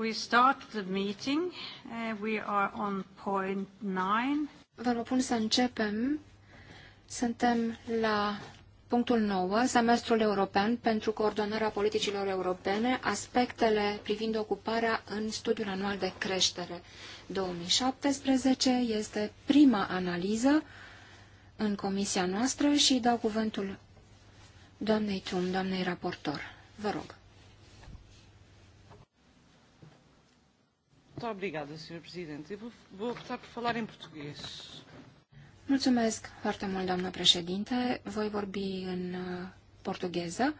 We start the meeting. Uh, we are on point nine. Vă propun să începem. Suntem la punctul 9, semestrul european pentru coordonarea politicilor europene, aspectele privind ocuparea în studiul anual de creștere. 2017 este prima analiză în comisia noastră și dau cuvântul doamnei Tum, doamnei raportor. Vă rog. Muito obrigada, Sr. Presidente. Eu vou, optar por falar em português. Mulțumesc foarte mult, doamnă președinte. Voi vorbi în uh, portugheză.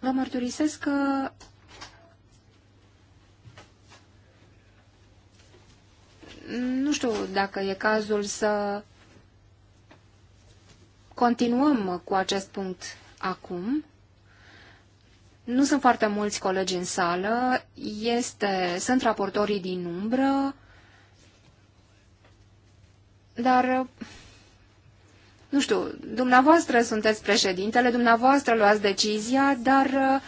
Vă mărturisesc că nu știu dacă e cazul să continuăm cu acest punct acum. Nu sunt foarte mulți colegi în sală, este, sunt raportorii din umbră, dar, nu știu, dumneavoastră sunteți președintele, dumneavoastră luați decizia, dar uh,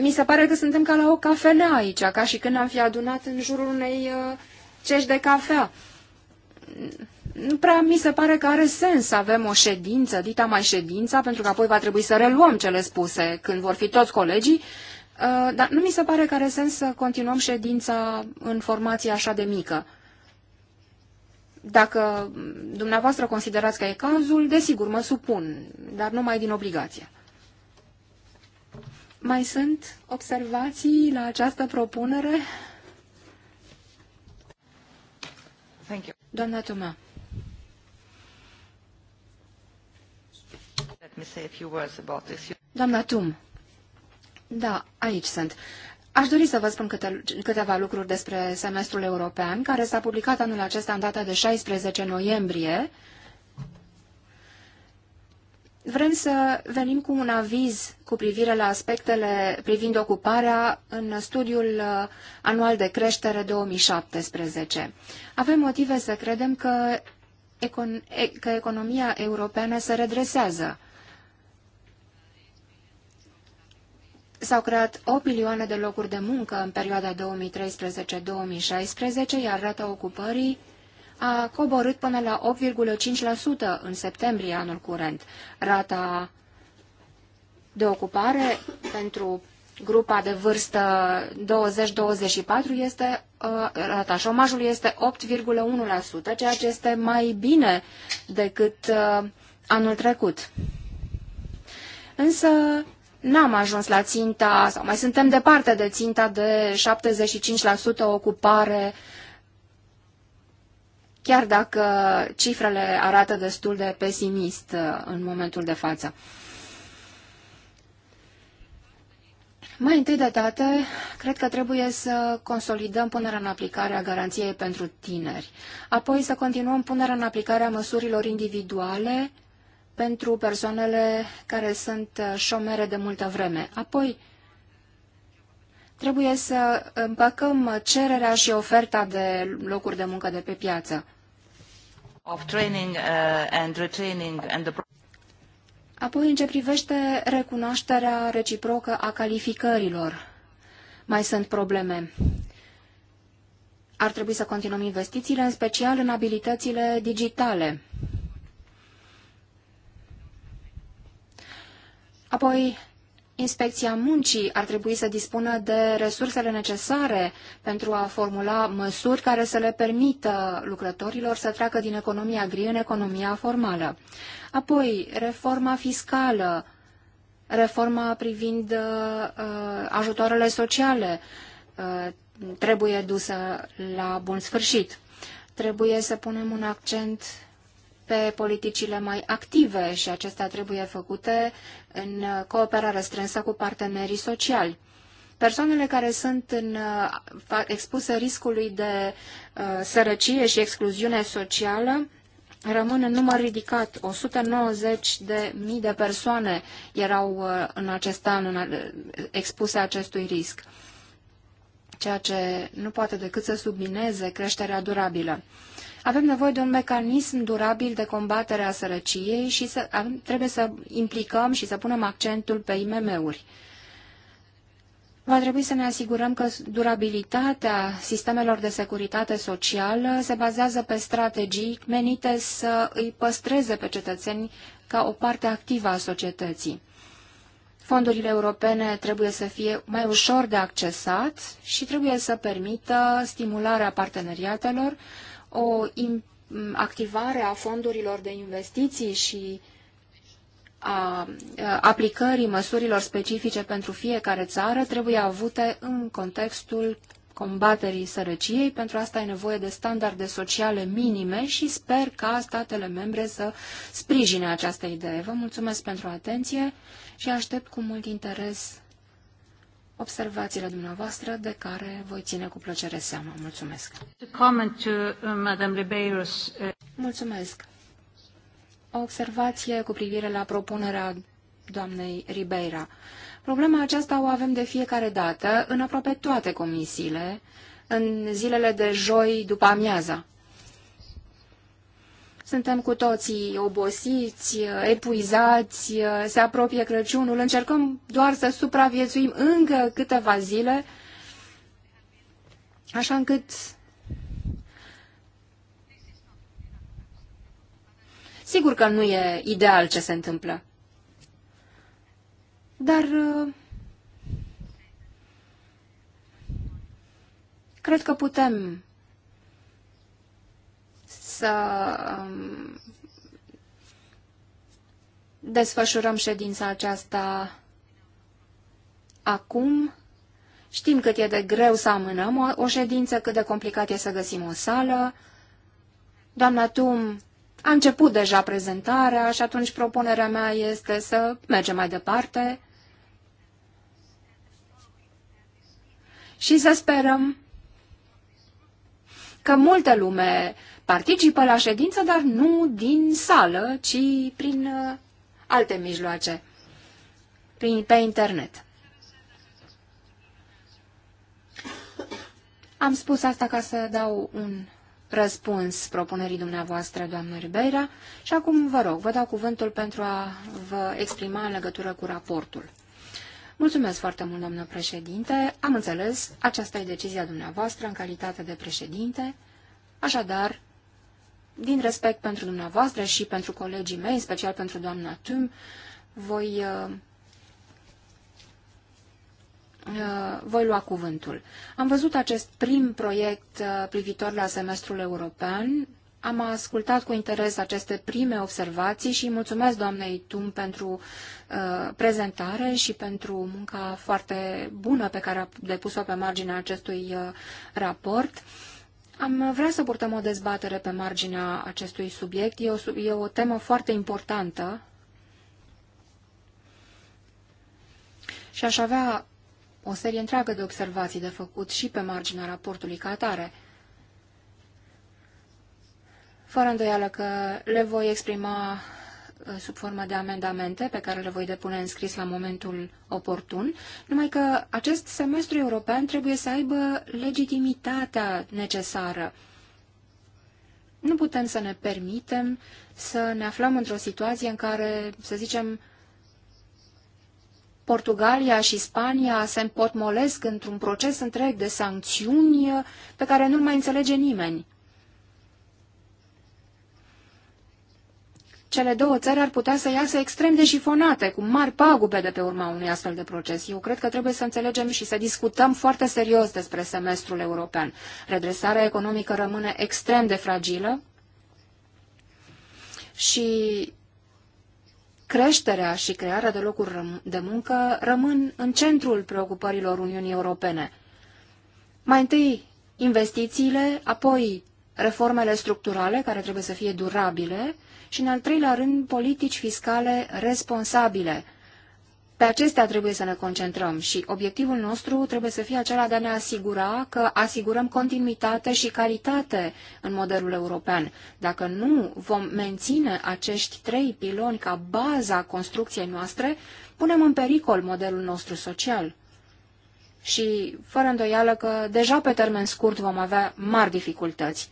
mi se pare că suntem ca la o cafenea aici, ca și când am fi adunat în jurul unei uh, cești de cafea nu prea mi se pare că are sens să avem o ședință, dita mai ședința, pentru că apoi va trebui să reluăm cele spuse când vor fi toți colegii, uh, dar nu mi se pare că are sens să continuăm ședința în formație așa de mică. Dacă dumneavoastră considerați că e cazul, desigur, mă supun, dar numai din obligație. Mai sunt observații la această propunere? Thank you. Doamna Toma. Doamna Tum, da, aici sunt. Aș dori să vă spun câte, câteva lucruri despre semestrul european, care s-a publicat anul acesta în data de 16 noiembrie. Vrem să venim cu un aviz cu privire la aspectele privind ocuparea în studiul uh, anual de creștere 2017. Avem motive să credem că, econ că economia europeană se redresează. S-au creat 8 milioane de locuri de muncă în perioada 2013-2016, iar rata ocupării a coborât până la 8,5% în septembrie anul curent. Rata de ocupare pentru grupa de vârstă 20-24 este, uh, rata șomajului este 8,1%, ceea ce este mai bine decât uh, anul trecut. Însă n-am ajuns la ținta, sau mai suntem departe de ținta de 75% ocupare, chiar dacă cifrele arată destul de pesimist uh, în momentul de față. Mai întâi de toate, cred că trebuie să consolidăm punerea în aplicare a garanției pentru tineri, apoi să continuăm punerea în aplicare a măsurilor individuale pentru persoanele care sunt uh, șomere de multă vreme. Apoi, trebuie să împăcăm cererea și oferta de locuri de muncă de pe piață. Uh, Apoi, în ce privește recunoașterea reciprocă a calificărilor, mai sunt probleme. Ar trebui să continuăm investițiile, în special în abilitățile digitale. Apoi, Inspecția muncii ar trebui să dispună de resursele necesare pentru a formula măsuri care să le permită lucrătorilor să treacă din economia gri în economia formală. Apoi, reforma fiscală, reforma privind uh, uh ajutoarele sociale uh, trebuie dusă la bun sfârșit. Trebuie să punem un accent pe politicile mai active și acestea trebuie făcute în cooperare strânsă cu partenerii sociali. Persoanele care sunt în, expuse riscului de uh, sărăcie și excluziune socială rămân în număr ridicat. 190 de mii de persoane erau uh, în acest an în, expuse acestui risc, ceea ce nu poate decât să submineze creșterea durabilă. Avem nevoie de un mecanism durabil de combatere a sărăciei și să, trebuie să implicăm și să punem accentul pe IMM-uri. Va trebui să ne asigurăm că durabilitatea sistemelor de securitate socială se bazează pe strategii menite să îi păstreze pe cetățeni ca o parte activă a societății. Fondurile europene trebuie să fie mai ușor de accesat și trebuie să permită stimularea parteneriatelor, o activare a fondurilor de investiții și a aplicării măsurilor specifice pentru fiecare țară trebuie avute în contextul combaterii sărăciei. Pentru asta e nevoie de standarde sociale minime și sper ca statele membre să sprijine această idee. Vă mulțumesc pentru atenție și aștept cu mult interes observațiile dumneavoastră, de care voi ține cu plăcere seama. Mulțumesc. Uh, uh, Mulțumesc. O observație cu privire la propunerea doamnei Ribeira. Problema aceasta o avem de fiecare dată în aproape toate comisiile, în zilele de joi după amiaza. Suntem cu toții obosiți, epuizați, se apropie Crăciunul, încercăm doar să supraviețuim încă câteva zile, așa încât Sigur că nu e ideal ce se întâmplă. Dar... Uh, cred că putem să um, desfășurăm ședința aceasta acum. Știm cât e de greu să amânăm o, o ședință, cât de complicat e să găsim o sală. Doamna Tum a început deja prezentarea și atunci propunerea mea este să mergem mai departe și să sperăm că multă lume participă la ședință, dar nu din sală, ci prin uh, alte mijloace, prin, pe internet. Am spus asta ca să dau un răspuns propunerii dumneavoastră, doamnă Ribeira, și acum vă rog, vă dau cuvântul pentru a vă exprima în legătură cu raportul. Mulțumesc foarte mult, doamnă președinte. Am înțeles, aceasta e decizia dumneavoastră în calitate de președinte. Așadar, din respect pentru dumneavoastră și pentru colegii mei, în special pentru doamna Tum, voi, uh, uh, voi lua cuvântul. Am văzut acest prim proiect uh, privitor la semestrul european. Am ascultat cu interes aceste prime observații și mulțumesc doamnei Tum pentru prezentare și pentru munca foarte bună pe care a depus-o pe marginea acestui raport. Am vrea să purtăm o dezbatere pe marginea acestui subiect. E o, e o temă foarte importantă și aș avea o serie întreagă de observații de făcut și pe marginea raportului ca atare. Fără îndoială că le voi exprima Uh, sub formă de amendamente pe care le voi depune în scris la momentul oportun, numai că acest semestru european trebuie să aibă legitimitatea necesară. Nu putem să ne permitem să ne aflăm într-o situație în care, să zicem, Portugalia și Spania se împotmolesc într-un proces întreg de sancțiuni pe care nu-l mai înțelege nimeni. cele două țări ar putea să iasă extrem de șifonate, cu mari pagube de pe urma unui astfel de proces. Eu cred că trebuie să înțelegem și să discutăm foarte serios despre semestrul european. Redresarea economică rămâne extrem de fragilă și creșterea și crearea de locuri de muncă rămân în centrul preocupărilor Uniunii Europene. Mai întâi investițiile, apoi reformele structurale, care trebuie să fie durabile, și, în al treilea rând, politici fiscale responsabile. Pe acestea trebuie să ne concentrăm și obiectivul nostru trebuie să fie acela de a ne asigura că asigurăm continuitate și calitate în modelul european. Dacă nu vom menține acești trei piloni ca baza construcției noastre, punem în pericol modelul nostru social. Și, fără îndoială că deja pe termen scurt vom avea mari dificultăți.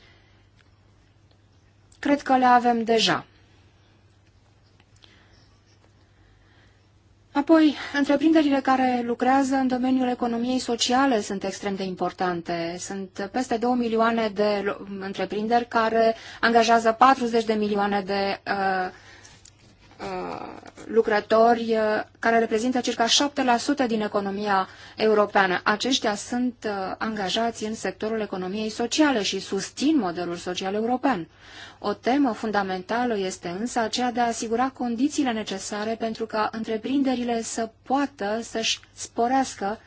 Cred că le avem deja. Apoi, întreprinderile care lucrează în domeniul economiei sociale sunt extrem de importante. Sunt peste 2 milioane de întreprinderi care angajează 40 de milioane de uh, Uh, lucrători uh, care reprezintă circa 7% din economia europeană. Aceștia sunt uh, angajați în sectorul economiei sociale și susțin modelul social european. O temă fundamentală este însă aceea de a asigura condițiile necesare pentru ca întreprinderile să poată să-și sporească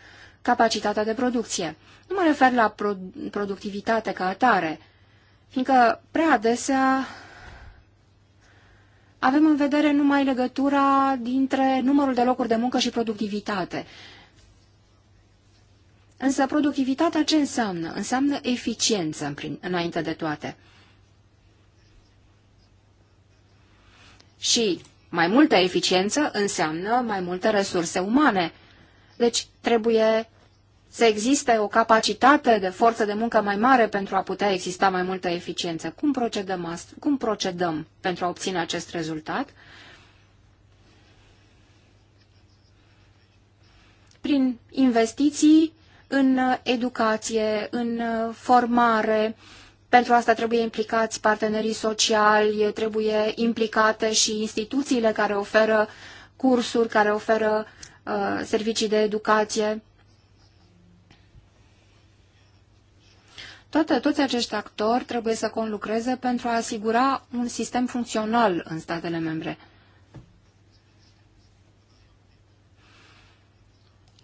capacitatea de producție. Nu mă refer la productivitate ca atare, fiindcă prea adesea avem în vedere numai legătura dintre numărul de locuri de muncă și productivitate. Însă productivitatea ce înseamnă? Înseamnă eficiență înainte de toate. Și mai multă eficiență înseamnă mai multe resurse umane. Deci trebuie să existe o capacitate de forță de muncă mai mare pentru a putea exista mai multă eficiență. Cum procedăm, astfel? Cum procedăm pentru a obține acest rezultat? Prin investiții în educație, în formare, pentru asta trebuie implicați partenerii sociali, trebuie implicate și instituțiile care oferă cursuri, care oferă uh, servicii de educație. Toate, toți acești actori trebuie să conlucreze pentru a asigura un sistem funcțional în statele membre.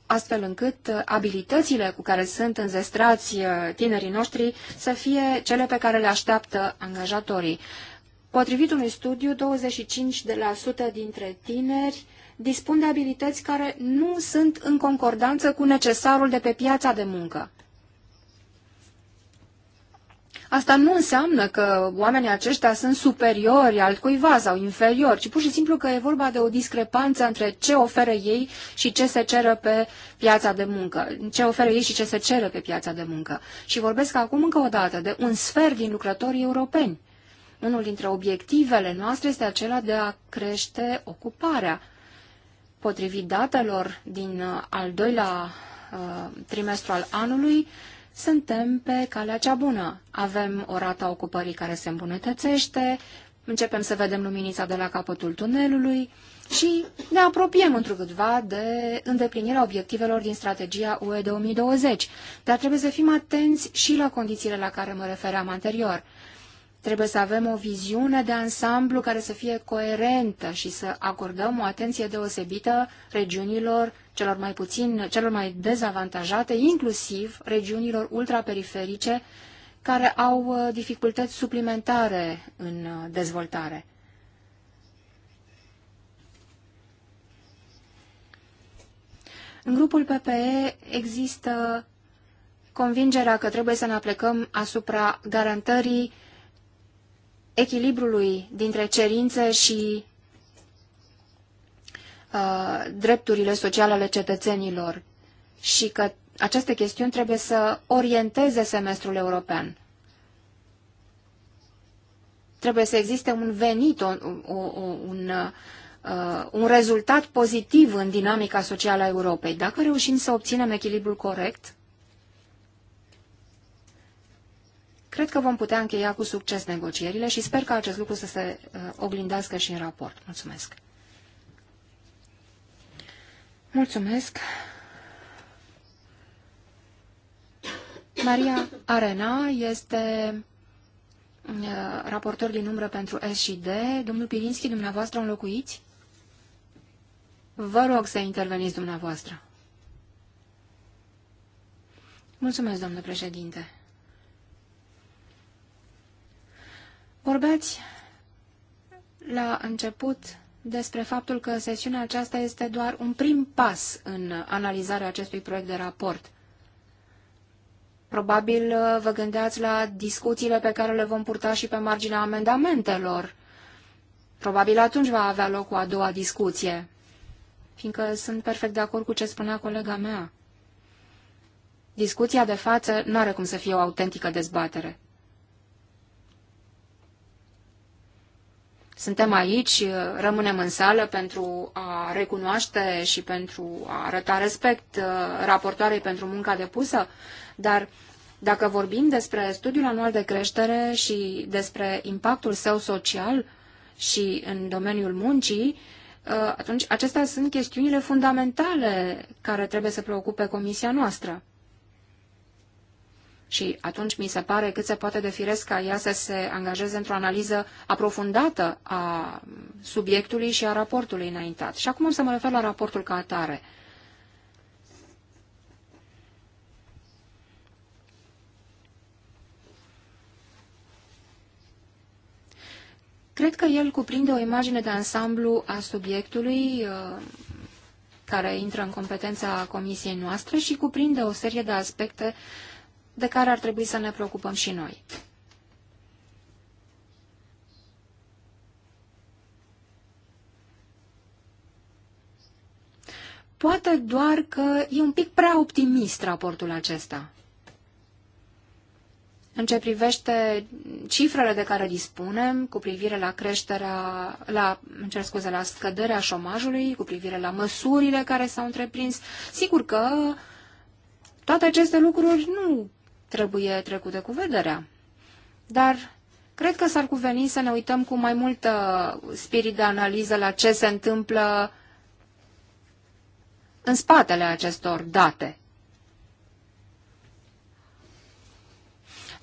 astfel încât uh, abilitățile cu care sunt înzestrați uh, tinerii noștri să fie cele pe care le așteaptă angajatorii. Potrivit unui studiu, 25% dintre tineri dispun de abilități care nu sunt în concordanță cu necesarul de pe piața de muncă. Asta nu înseamnă că oamenii aceștia sunt superiori altcuiva sau inferiori, ci pur și simplu că e vorba de o discrepanță între ce oferă ei și ce se ceră pe piața de muncă, ce oferă ei și ce se ceră pe piața de muncă. Și vorbesc acum încă o dată de un sfert din lucrătorii europeni. Unul dintre obiectivele noastre este acela de a crește ocuparea. Potrivit datelor din uh, al doilea uh, trimestru al anului, uh, suntem pe calea cea bună. Avem o rata ocupării care se îmbunătățește, începem să vedem luminița de la capătul tunelului și ne apropiem într-un câtva de îndeplinirea obiectivelor din strategia UE 2020. Dar trebuie să fim atenți și la condițiile la care mă refeream anterior. Trebuie să avem o viziune de ansamblu care să fie coerentă și să acordăm o atenție deosebită regiunilor celor mai puțin, celor mai dezavantajate, inclusiv regiunilor ultraperiferice care au uh, dificultăți suplimentare în uh, dezvoltare. În grupul PPE există convingerea că trebuie să ne aplicăm asupra garantării echilibrului dintre cerințe și uh, drepturile sociale ale cetățenilor și că aceste chestiuni trebuie să orienteze semestrul european. Trebuie să existe un venit, o, o, un, uh, un rezultat pozitiv în dinamica socială a Europei. Dacă reușim să obținem echilibrul corect, Cred că vom putea încheia cu succes negocierile și sper că acest lucru să se uh, oglindească și în raport. Mulțumesc! Mulțumesc! Maria Arena este uh, raportor din umbră pentru S și D. Domnul Pirinski, dumneavoastră înlocuiți? Vă rog să interveniți dumneavoastră. Mulțumesc, domnule președinte. Vorbeați la început despre faptul că sesiunea aceasta este doar un prim pas în analizarea acestui proiect de raport. Probabil uh, vă gândeați la discuțiile pe care le vom purta și pe marginea amendamentelor. Probabil atunci va avea loc o a doua discuție, fiindcă sunt perfect de acord cu ce spunea colega mea. Discuția de față nu are cum să fie o autentică dezbatere. Suntem aici, rămânem în sală pentru a recunoaște și pentru a arăta respect uh, raportoarei pentru munca depusă, dar dacă vorbim despre studiul anual de creștere și despre impactul său social și în domeniul muncii, uh, atunci acestea sunt chestiunile fundamentale care trebuie să preocupe comisia noastră. Și atunci mi se pare cât se poate de firesc ca ea să se angajeze într-o analiză aprofundată a subiectului și a raportului înaintat. Și acum o să mă refer la raportul ca atare. Cred că el cuprinde o imagine de ansamblu a subiectului uh, care intră în competența comisiei noastre și cuprinde o serie de aspecte de care ar trebui să ne preocupăm și noi. Poate doar că e un pic prea optimist raportul acesta. În ce privește cifrele de care dispunem cu privire la creșterea, la, cer scuze, la scăderea șomajului, cu privire la măsurile care s-au întreprins, sigur că toate aceste lucruri nu trebuie trecute cu vederea. Dar cred că s-ar cuveni să ne uităm cu mai multă spirit de analiză la ce se întâmplă în spatele acestor date.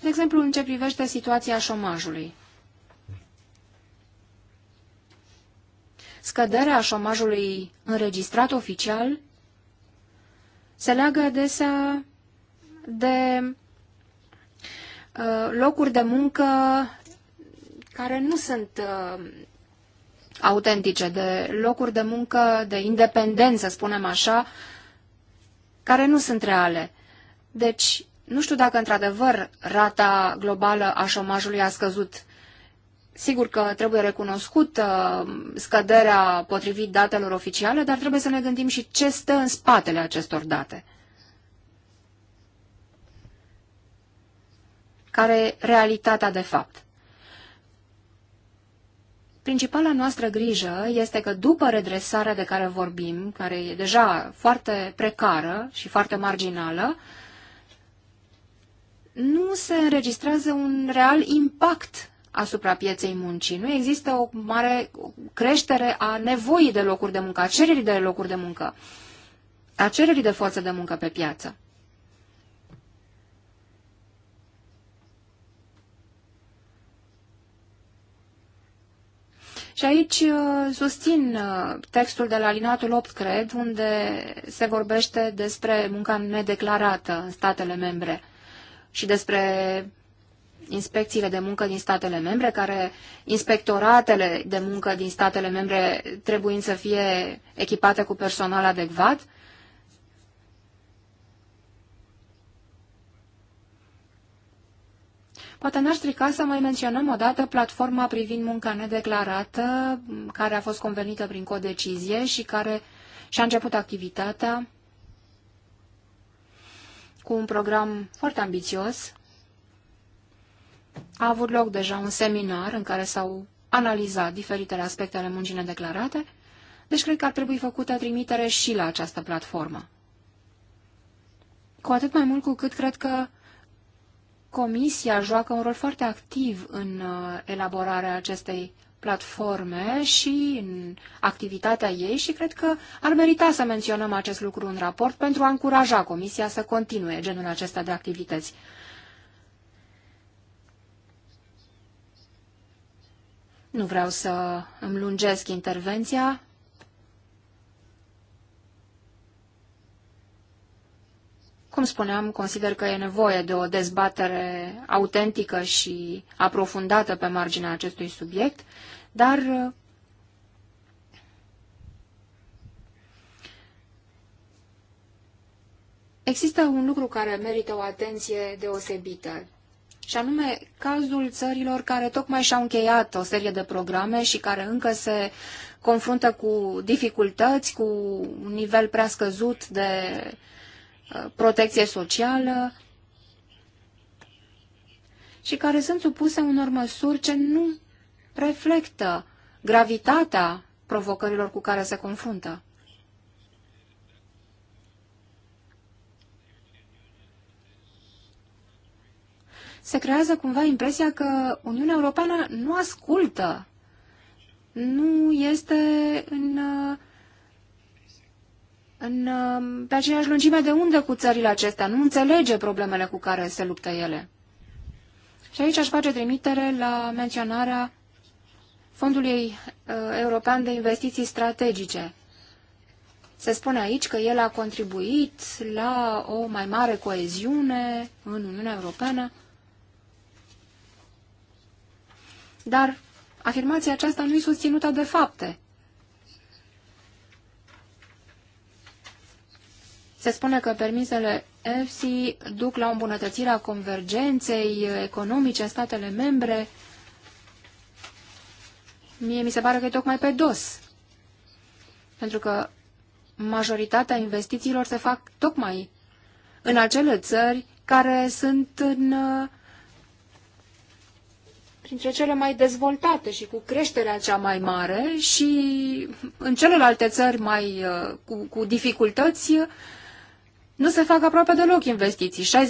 De exemplu, în ce privește situația șomajului. Scăderea șomajului înregistrat oficial se leagă adesea de Uh, locuri de muncă care nu sunt uh, autentice, de locuri de muncă de independență, spunem așa, care nu sunt reale. Deci, nu știu dacă într-adevăr rata globală a șomajului a scăzut. Sigur că trebuie recunoscut uh, scăderea potrivit datelor oficiale, dar trebuie să ne gândim și ce stă în spatele acestor date. care e realitatea de fapt. Principala noastră grijă este că după redresarea de care vorbim, care e deja foarte precară și foarte marginală, nu se înregistrează un real impact asupra pieței muncii. Nu există o mare creștere a nevoii de locuri de muncă, a cererii de locuri de muncă, a cererii de forță de muncă pe piață. Și aici uh, susțin uh, textul de la linatul 8, cred, unde se vorbește despre munca nedeclarată în statele membre și despre inspecțiile de muncă din statele membre, care inspectoratele de muncă din statele membre trebuie să fie echipate cu personal adecvat. Poate n-aș strica să mai menționăm odată platforma privind munca nedeclarată, care a fost convenită prin codecizie și care și-a început activitatea cu un program foarte ambițios. A avut loc deja un seminar în care s-au analizat diferitele aspecte ale muncii nedeclarate, deci cred că ar trebui făcută trimitere și la această platformă. Cu atât mai mult cu cât cred că Comisia joacă un rol foarte activ în uh, elaborarea acestei platforme și în activitatea ei și cred că ar merita să menționăm acest lucru în raport pentru a încuraja Comisia să continue genul acesta de activități. Nu vreau să îmi lungesc intervenția, Cum spuneam, consider că e nevoie de o dezbatere autentică și aprofundată pe marginea acestui subiect, dar Există un lucru care merită o atenție deosebită, și anume cazul țărilor care tocmai și-au încheiat o serie de programe și care încă se confruntă cu dificultăți, cu un nivel prea scăzut de protecție socială și care sunt supuse unor măsuri ce nu reflectă gravitatea provocărilor cu care se confruntă. Se creează cumva impresia că Uniunea Europeană nu ascultă, nu este în uh, în, um, pe aceeași lungime de undă cu țările acestea, nu înțelege problemele cu care se luptă ele. Și aici aș face trimitere la menționarea Fondului uh, European de Investiții Strategice. Se spune aici că el a contribuit la o mai mare coeziune în Uniunea Europeană, dar afirmația aceasta nu e susținută de fapte. Se spune că permisele EFSI duc la o a convergenței economice în statele membre. Mie mi se pare că e tocmai pe dos. Pentru că majoritatea investițiilor se fac tocmai în acele țări care sunt în, uh, printre cele mai dezvoltate și cu creșterea cea mai mare și în celelalte țări mai, uh, cu, cu dificultăți, nu se fac aproape deloc investiții.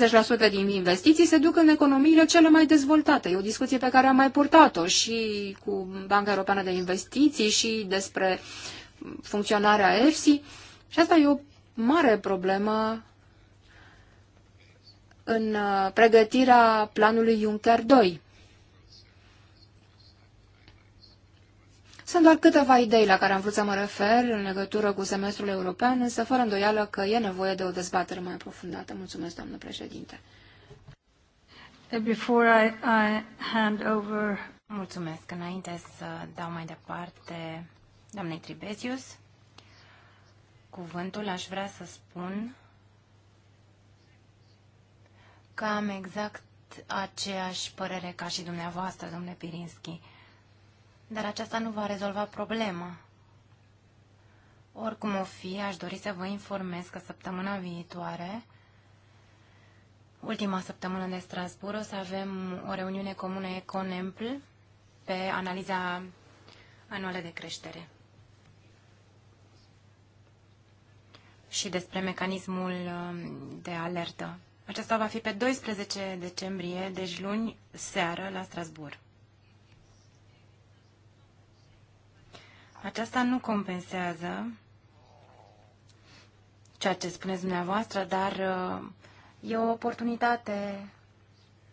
60% din investiții se duc în economiile cele mai dezvoltate. E o discuție pe care am mai purtat-o și cu Banca Europeană de Investiții și despre funcționarea EFSI. Și asta e o mare problemă în uh, pregătirea planului Juncker 2. Sunt doar câteva idei la care am vrut să mă refer în legătură cu semestrul european, însă fără îndoială că e nevoie de o dezbatere mai aprofundată. Mulțumesc, doamnă președinte. Uh, before I, I hand over... Mulțumesc. Înainte să dau mai departe doamnei Tribesius cuvântul, aș vrea să spun că am exact aceeași părere ca și dumneavoastră, domnule Pirinski. Dar aceasta nu va rezolva problema. Oricum o fi, aș dori să vă informez că săptămâna viitoare, ultima săptămână de Strasbourg, o să avem o reuniune comună Econempl pe analiza anuală de creștere. și despre mecanismul um, de alertă. Aceasta va fi pe 12 decembrie, deci luni seară, la Strasbourg. Aceasta nu compensează ceea ce spuneți dumneavoastră, dar uh, e o oportunitate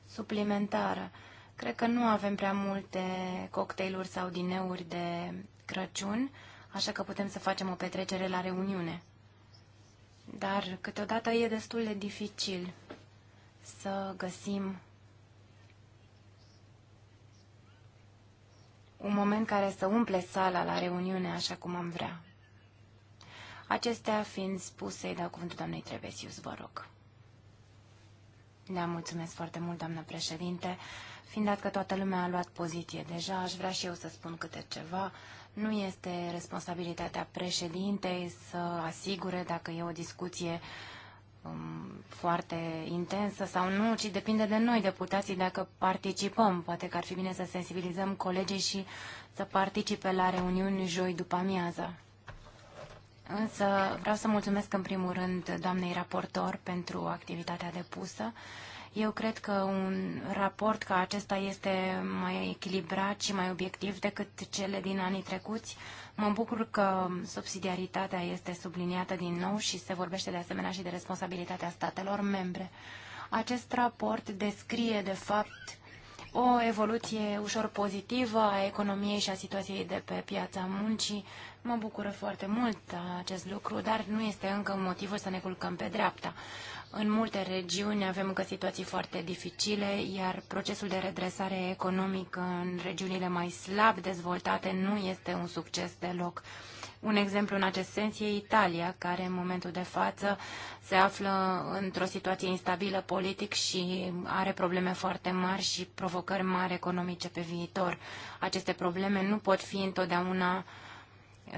suplimentară. Cred că nu avem prea multe cocktailuri sau dineuri de Crăciun, așa că putem să facem o petrecere la reuniune. Dar câteodată e destul de dificil să găsim un moment care să umple sala la reuniune așa cum am vrea. Acestea fiind spuse, îi dau cuvântul doamnei Trebesius, vă rog. Da, mulțumesc foarte mult, doamnă președinte. Fiind dat că toată lumea a luat poziție deja, aș vrea și eu să spun câte ceva. Nu este responsabilitatea președintei să asigure dacă e o discuție uh, Um, foarte intensă sau nu, ci depinde de noi, deputații, dacă participăm. Poate că ar fi bine să sensibilizăm colegii și să participe la reuniuni joi după amiază. Însă vreau să mulțumesc în primul rând doamnei raportor pentru activitatea depusă. Eu cred că un raport ca acesta este mai echilibrat și mai obiectiv decât cele din anii trecuți. Uh, Mă bucur că subsidiaritatea este subliniată din nou și se vorbește de asemenea și de responsabilitatea statelor membre. Acest raport descrie, de fapt, o evoluție ușor pozitivă a economiei și a situației de pe piața muncii. Mă bucură foarte mult acest lucru, dar nu este încă motivul să ne culcăm pe dreapta. În multe regiuni avem încă situații foarte dificile, iar procesul de redresare economică în regiunile mai slab dezvoltate nu este un succes deloc. Un exemplu în acest sens e Italia, care în momentul de față se află într-o situație instabilă politic și are probleme foarte mari și provocări mari economice pe viitor. Aceste probleme nu pot fi întotdeauna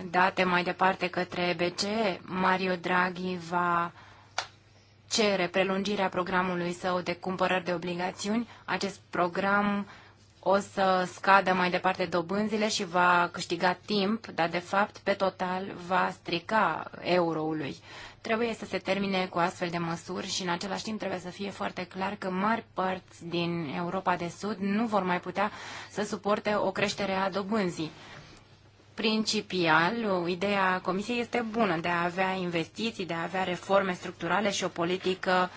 date mai departe către BCE. Mario Draghi va cere prelungirea programului său de cumpărări de obligațiuni. Acest program o să scadă mai departe dobânzile și va câștiga timp, dar de fapt, pe total, va strica euroului. Trebuie să se termine cu astfel de măsuri și în același timp trebuie să fie foarte clar că mari părți din Europa de Sud nu vor mai putea să suporte o creștere a dobânzii principial, ideea Comisiei este bună de a avea investiții, de a avea reforme structurale și o politică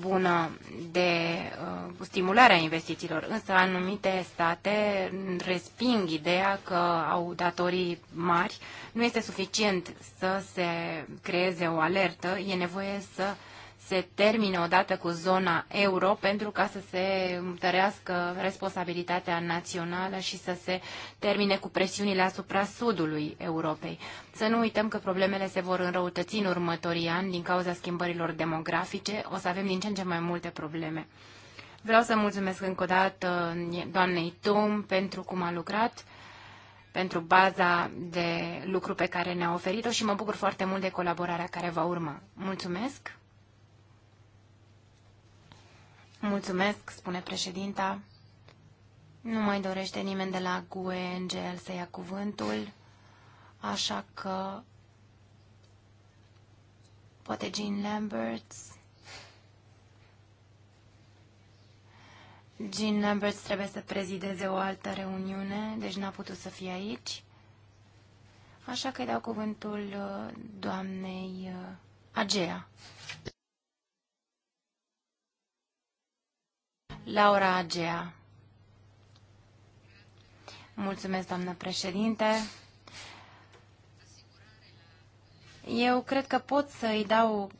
bună de uh, stimulare a investițiilor. Însă anumite state resping ideea că au datorii mari. Nu este suficient să se creeze o alertă, e nevoie să uh, se termine odată cu zona euro pentru ca să se întărească responsabilitatea națională și să se termine cu presiunile asupra sudului Europei. Să nu uităm că problemele se vor înrăutăți în următorii ani din cauza schimbărilor demografice. O să avem din ce în ce mai multe probleme. Vreau să mulțumesc încă o dată eh, doamnei Tum pentru cum a lucrat pentru baza de lucru pe care ne-a oferit-o și mă bucur foarte mult de colaborarea care va urma. Mulțumesc! Mulțumesc, spune președinta. Nu mai dorește nimeni de la GUE NGL să ia cuvântul, așa că poate Jean Lamberts. Jean Lamberts trebuie să prezideze o altă reuniune, deci n-a putut să fie aici. Așa că îi dau cuvântul uh, doamnei uh, Agea. Laura Agea. Mulțumesc, doamnă președinte. Eu cred că pot să-i dau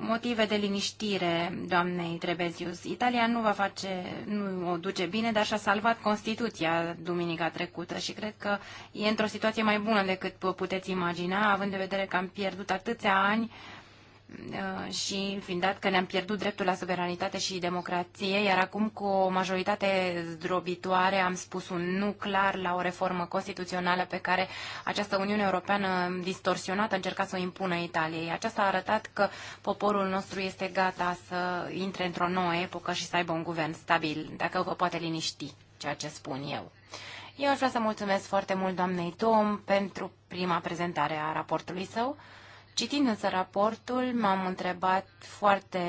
motive de liniștire doamnei Trebezius. Italia nu va face, nu o duce bine, dar și-a salvat Constituția duminica trecută și cred că e într-o situație mai bună decât puteți imagina, având de vedere că am pierdut atâția ani uh, Uh, și fiind dat că ne-am pierdut dreptul la suveranitate și democrație, iar acum cu o majoritate zdrobitoare am spus un nu clar la o reformă constituțională pe care această Uniune Europeană distorsionată încerca să o impună Italiei. Aceasta a arătat că poporul nostru este gata să intre într-o nouă epocă și să aibă un guvern stabil, dacă vă poate liniști ceea ce spun eu. Eu aș vrea să mulțumesc foarte mult doamnei Tom pentru prima prezentare a raportului său. Citind însă raportul, m-am întrebat foarte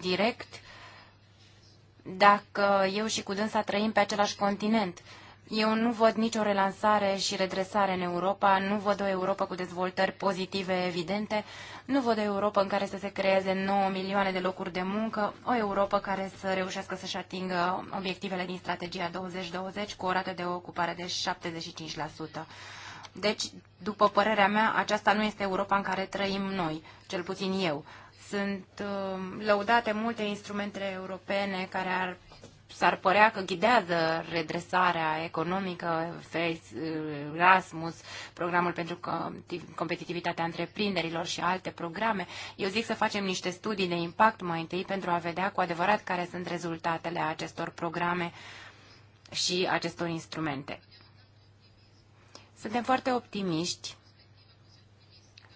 direct dacă eu și cu dânsa trăim pe același continent. Eu nu văd nicio relansare și redresare în Europa, nu văd o Europa cu dezvoltări pozitive evidente, nu văd o Europa în care să se creeze 9 milioane de locuri de muncă, o Europa care să reușească să-și atingă obiectivele din strategia 2020 cu o rată de ocupare de 75%. Deci, după părerea mea, aceasta nu este Europa în care trăim noi, cel puțin eu. Sunt uh, lăudate multe instrumente europene care ar, s-ar părea că ghidează redresarea economică, uh, Erasmus, programul pentru competitivitatea întreprinderilor și alte programe. Eu zic să facem niște studii de impact mai întâi pentru a vedea cu adevărat care sunt rezultatele acestor programe și acestor instrumente. Suntem foarte optimiști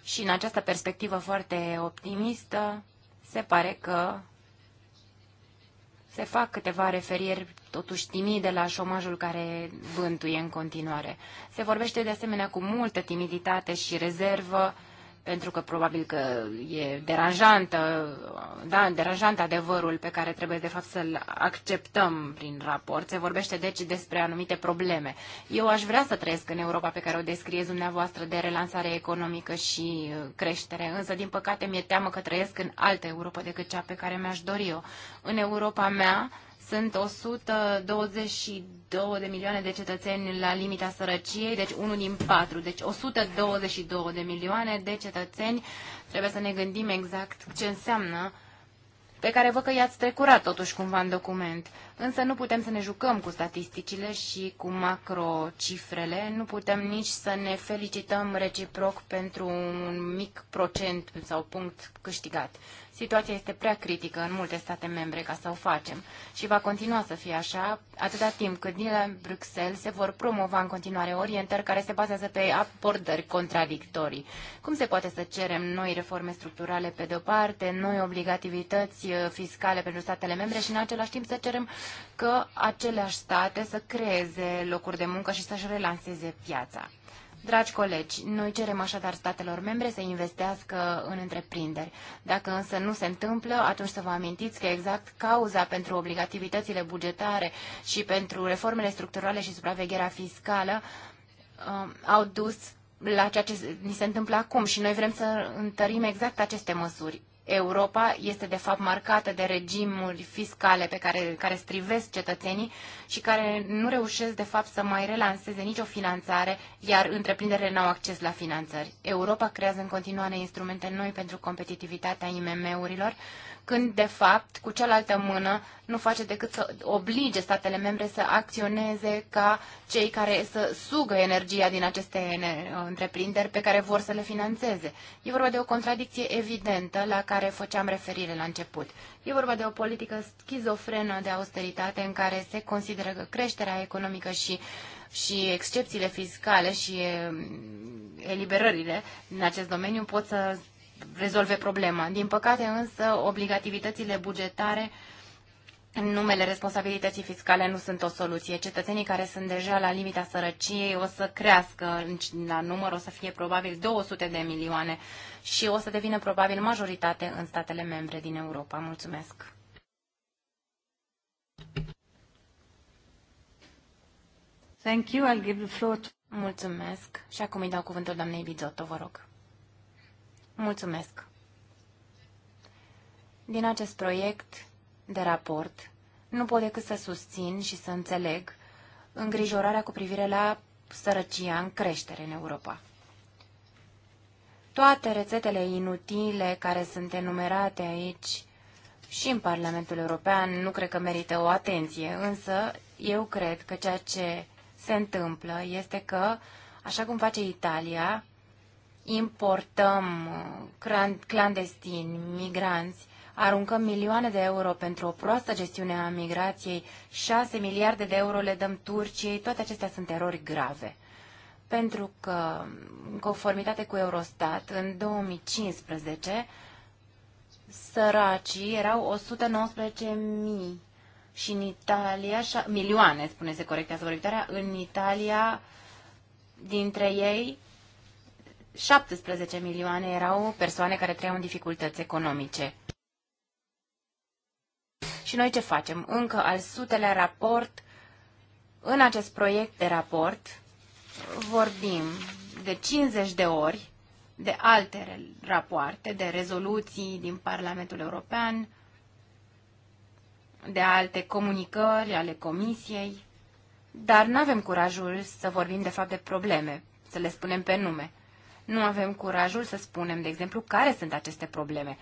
și în această perspectivă foarte optimistă se pare că se fac câteva referiri totuși timide la șomajul care bântuie în continuare. Se vorbește de asemenea cu multă timiditate și rezervă pentru că probabil că e deranjantă, da, deranjant adevărul pe care trebuie de fapt să-l acceptăm prin raport. Se vorbește deci despre anumite probleme. Eu aș vrea să trăiesc în Europa pe care o descrieți dumneavoastră de relansare economică și uh, creștere, însă din păcate mi-e teamă că trăiesc în altă Europa decât cea pe care mi-aș dori eu. În Europa mea, sunt 122 de milioane de cetățeni la limita sărăciei, deci unul din patru. Deci 122 de milioane de cetățeni. Trebuie să ne gândim exact ce înseamnă pe care văd că i-ați trecurat totuși cumva în document însă nu putem să ne jucăm cu statisticile și cu macrocifrele, nu putem nici să ne felicităm reciproc pentru un mic procent sau punct câștigat. Situația este prea critică în multe state membre ca să o facem și va continua să fie așa atâta timp cât din la Bruxelles se vor promova în continuare orientări care se bazează pe abordări contradictorii. Cum se poate să cerem noi reforme structurale pe de-o parte, noi obligativități uh, fiscale pentru statele membre și în același timp să cerem că aceleași state să creeze locuri de muncă și să-și relanseze piața. Dragi colegi, noi cerem așadar statelor membre să investească în întreprinderi. Dacă însă nu se întâmplă, atunci să vă amintiți că exact cauza pentru obligativitățile bugetare și pentru reformele structurale și supravegherea fiscală uh, au dus la ceea ce ni se întâmplă acum și noi vrem să întărim exact aceste măsuri. Europa este de fapt marcată de regimuri fiscale pe care, care strivesc cetățenii și care nu reușesc de fapt să mai relanseze nicio finanțare, iar întreprinderile n-au acces la finanțări. Europa creează în continuare instrumente noi pentru competitivitatea IMM-urilor, când, de fapt, cu cealaltă mână nu face decât să oblige statele membre să acționeze ca cei care să sugă energia din aceste uh, întreprinderi pe care vor să le financeze. E vorba de o contradicție evidentă la care făceam referire la început. E vorba de o politică schizofrenă de austeritate în care se consideră că creșterea economică și și excepțiile fiscale și uh, eliberările în acest domeniu pot să rezolve problema. Din păcate însă, obligativitățile bugetare în numele responsabilității fiscale nu sunt o soluție. Cetățenii care sunt deja la limita sărăciei o să crească la număr, o să fie probabil 200 de milioane și o să devină probabil majoritate în statele membre din Europa. Mulțumesc! Thank you. I'll give the floor to... Mulțumesc. Și acum îi dau cuvântul doamnei Bizotto, vă rog. Mulțumesc! Din acest proiect de raport nu pot decât să susțin și să înțeleg îngrijorarea cu privire la sărăcia în creștere în Europa. Toate rețetele inutile care sunt enumerate aici și în Parlamentul European nu cred că merită o atenție, însă eu cred că ceea ce se întâmplă este că, așa cum face Italia, importăm uh, clandestini, migranți, aruncăm milioane de euro pentru o proastă gestiune a migrației, 6 miliarde de euro le dăm Turciei, toate acestea sunt erori grave. Pentru că, în conformitate cu Eurostat, în 2015, săracii erau 119.000 și în Italia, milioane, spuneți corect, corectează vorbitoarea, în Italia, dintre ei, 17 milioane erau persoane care trăiau în dificultăți economice. Și noi ce facem? Încă al sutelea raport, în acest proiect de raport, vorbim de 50 de ori de alte rapoarte, de rezoluții din Parlamentul European, de alte comunicări ale Comisiei, dar nu avem curajul să vorbim de fapt de probleme, să le spunem pe nume. Nu avem curajul să spunem, de exemplu, care sunt aceste probleme.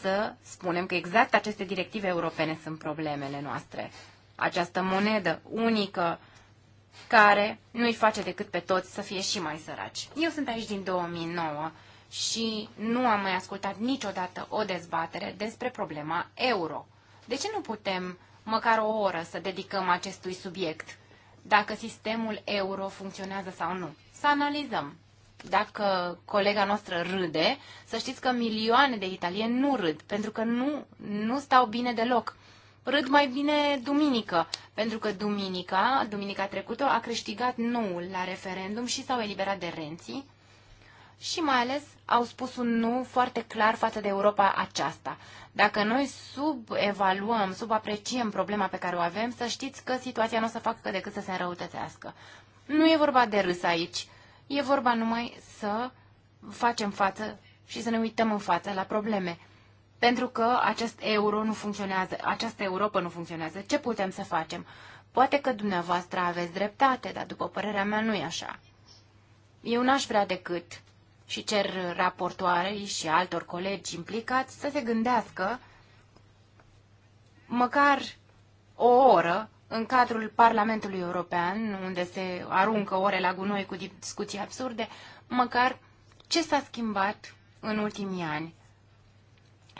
Să spunem că exact aceste directive europene sunt problemele noastre. Această monedă unică care nu îi face decât pe toți să fie și mai săraci. Eu sunt aici din 2009 și nu am mai ascultat niciodată o dezbatere despre problema euro. De ce nu putem măcar o oră să dedicăm acestui subiect? Dacă sistemul euro funcționează sau nu. Să analizăm dacă colega noastră râde, să știți că milioane de italieni nu râd, pentru că nu, nu stau bine deloc. Râd mai bine duminică, pentru că duminica, duminica trecută, a câștigat nu la referendum și s-au eliberat de renții și mai ales au spus un nu foarte clar față de Europa aceasta. Dacă noi subevaluăm, subapreciem problema pe care o avem, să știți că situația nu o să facă decât să se înrăutățească. Nu e vorba de râs aici. E vorba numai să facem față și să ne uităm în față la probleme. Pentru că acest euro nu funcționează, această Europa nu funcționează. Ce putem să facem? Poate că dumneavoastră aveți dreptate, dar după părerea mea nu e așa. Eu n-aș vrea decât și cer raportoarei și altor colegi implicați să se gândească măcar o oră în cadrul Parlamentului European, unde se aruncă ore la gunoi cu discuții absurde, măcar ce s-a schimbat în ultimii ani.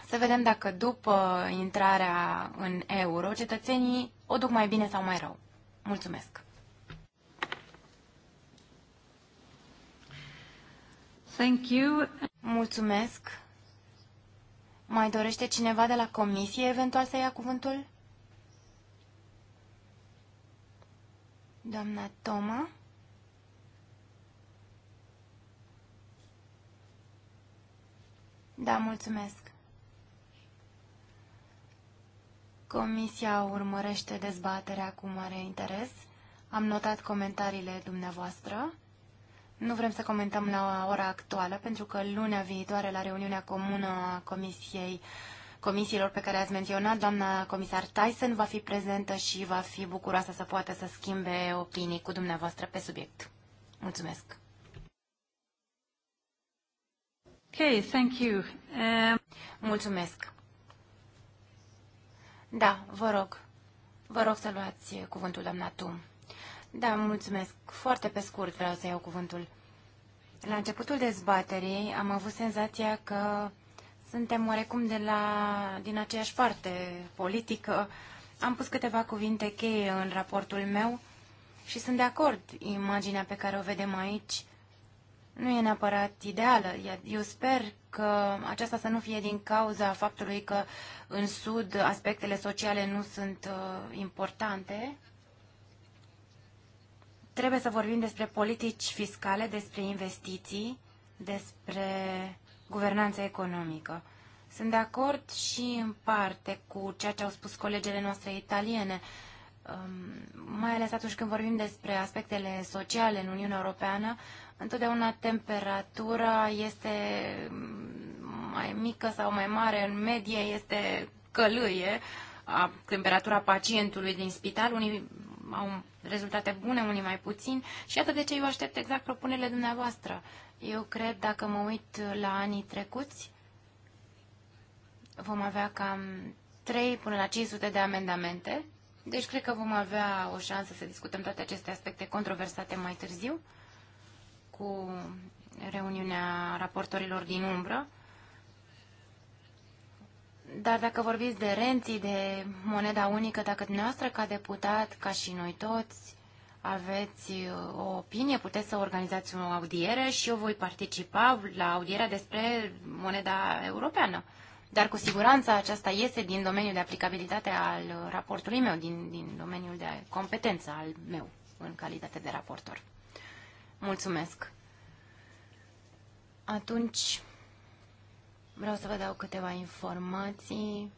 Să vedem dacă după intrarea în euro, cetățenii o duc mai bine sau mai rău. Mulțumesc! Thank you. Mulțumesc! Mai dorește cineva de la comisie eventual să ia cuvântul? doamna Toma. Da, mulțumesc. Comisia urmărește dezbaterea cu mare interes. Am notat comentariile dumneavoastră. Nu vrem să comentăm la ora actuală, pentru că luna viitoare, la reuniunea comună a Comisiei comisiilor pe care ați menționat. Doamna comisar Tyson va fi prezentă și va fi bucuroasă să poată să schimbe opinii cu dumneavoastră pe subiect. Mulțumesc! Okay, thank you. Um... Mulțumesc! Da, vă rog. Vă rog să luați cuvântul, doamna Tum. Da, mulțumesc. Foarte pe scurt vreau să iau cuvântul. La începutul dezbaterii am avut senzația că suntem oarecum de la, din aceeași parte politică. Am pus câteva cuvinte cheie în raportul meu și sunt de acord. Imaginea pe care o vedem aici nu e neapărat ideală. Eu sper că aceasta să nu fie din cauza faptului că în Sud aspectele sociale nu sunt uh, importante. Trebuie să vorbim despre politici fiscale, despre investiții, despre guvernanța economică. Sunt de acord și în parte cu ceea ce au spus colegele noastre italiene, um, mai ales atunci când vorbim despre aspectele sociale în Uniunea Europeană, întotdeauna temperatura este um, mai mică sau mai mare, în medie este călâie a temperatura pacientului din spital. Unii au rezultate bune, unii mai puțin și iată de ce eu aștept exact propunerile dumneavoastră. Eu cred, dacă mă uit la anii trecuți, vom avea cam 3 până la 500 de amendamente. Deci cred că vom avea o șansă să discutăm toate aceste aspecte controversate mai târziu cu reuniunea raportorilor din umbră. Dar dacă vorbiți de renții, de moneda unică, dacă dumneavoastră ca deputat, ca și noi toți, aveți uh, o opinie, puteți să organizați o audiere și eu voi participa la audierea despre moneda europeană. Dar cu siguranță aceasta iese din domeniul de aplicabilitate al raportului meu, din, din domeniul de competență al meu în calitate de raportor. Mulțumesc. Atunci vreau să vă dau câteva informații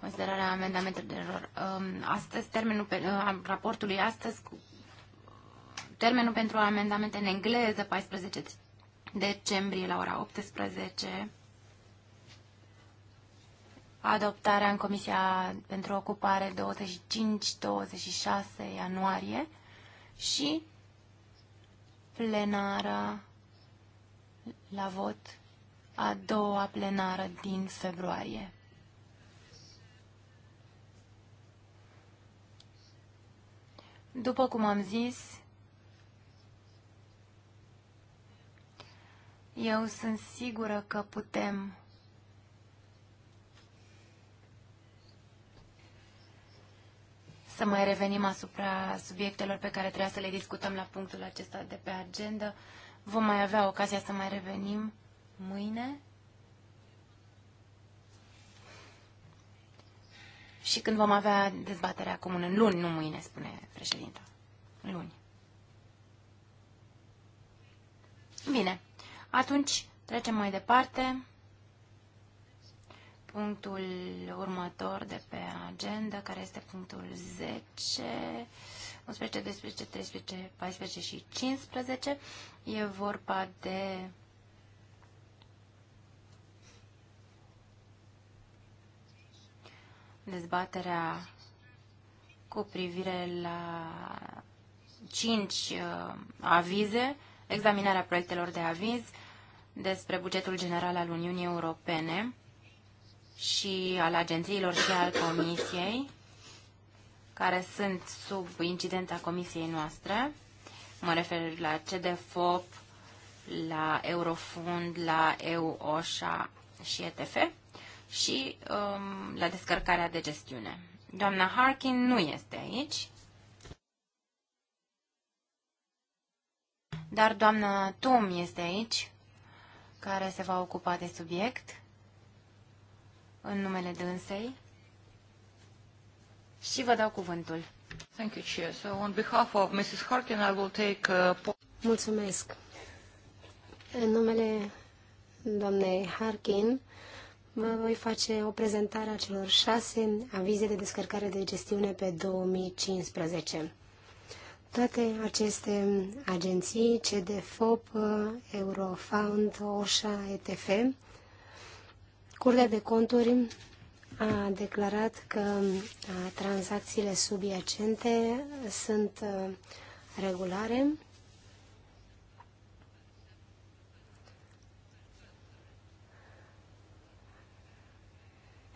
considerarea amendamentelor. Um, astăzi, termenul pe, uh, raportului astăzi, termenul pentru amendamente în engleză, 14 decembrie la ora 18. Adoptarea în Comisia pentru Ocupare 25-26 ianuarie și plenara la vot a doua plenară din februarie. După cum am zis, eu sunt sigură că putem să mai revenim asupra subiectelor pe care trebuia să le discutăm la punctul acesta de pe agenda. Vom mai avea ocazia să mai revenim mâine. și când vom avea dezbaterea comună. Luni, nu mâine, spune președinta. Luni. Bine. Atunci trecem mai departe. Punctul următor de pe agenda, care este punctul 10, 11, 12, 13, 14 și 15, e vorba de dezbaterea cu privire la cinci uh, avize, examinarea proiectelor de aviz despre bugetul general al Uniunii Europene și al agențiilor și al Comisiei, care sunt sub incidența Comisiei noastre. Mă refer la CDFOP, la Eurofund, la EUOSHA și ETF și um, la descărcarea de gestiune. Doamna Harkin nu este aici, dar doamna Tom este aici, care se va ocupa de subiect în numele dânsei și vă dau cuvântul. Thank you, Chair. So on behalf of Mrs. Harkin, I will take... Uh... Mulțumesc. În numele doamnei Harkin, mă voi face o prezentare a celor șase avize de descărcare de gestiune pe 2015. Toate aceste agenții, CDFOP, Eurofound, OSHA, ETF, Curtea de Conturi a declarat că tranzacțiile subiacente sunt regulare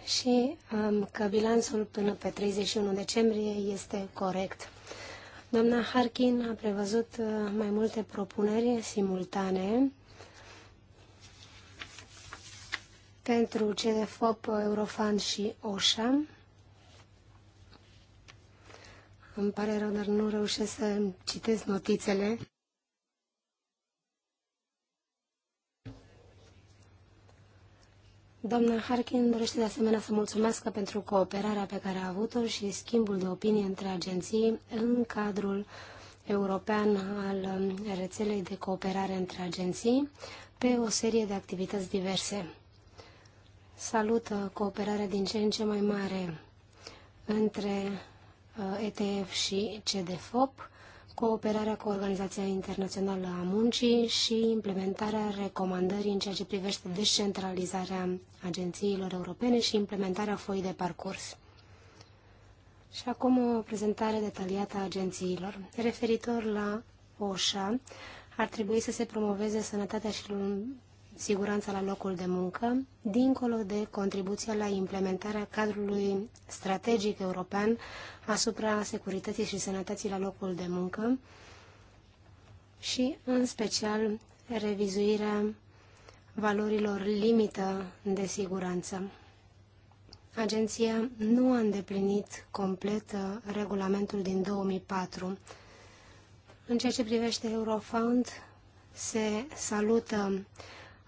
și um, că bilanțul până pe 31 decembrie este corect. Doamna Harkin a prevăzut uh, mai multe propuneri simultane pentru CDFOP, Eurofan și OSHA. Îmi pare rău, dar nu reușesc să citesc notițele. Doamna Harkin dorește de asemenea să mulțumesc pentru cooperarea pe care a avut-o și schimbul de opinie între agenții în cadrul european al um, rețelei de cooperare între agenții pe o serie de activități diverse. Salută uh, cooperarea din ce în ce mai mare între uh, ETF și CDFOP cooperarea cu Organizația Internațională a Muncii și implementarea recomandării în ceea ce privește descentralizarea agențiilor europene și implementarea foii de parcurs. Și acum o prezentare detaliată a agențiilor. Referitor la OSHA, ar trebui să se promoveze sănătatea și siguranța la locul de muncă, dincolo de contribuția la implementarea cadrului strategic european asupra securității și sănătății la locul de muncă și, în special, revizuirea valorilor limită de siguranță. Agenția nu a îndeplinit complet uh, regulamentul din 2004. În ceea ce privește Eurofund, se salută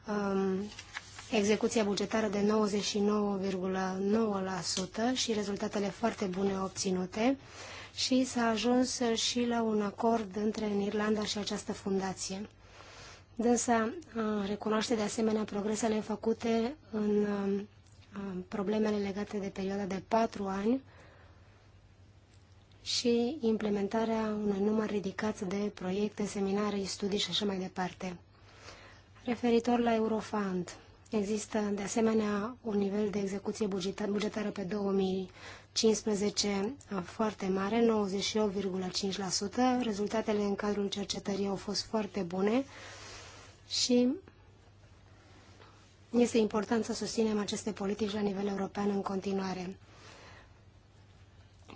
um, execuția bugetară de 99,9% și rezultatele foarte bune obținute și s-a ajuns și la un acord între Irlanda și această fundație. Dânsa uh, recunoaște de asemenea progresele făcute în um, uh, problemele legate de perioada de patru ani și implementarea unui număr ridicat de proiecte, seminarii, studii și așa mai departe. Referitor la Eurofund, există de asemenea un nivel de execuție bugetară pe 2015 foarte mare, 98,5%. Rezultatele în cadrul cercetării au fost foarte bune și este important să susținem aceste politici la nivel european în continuare.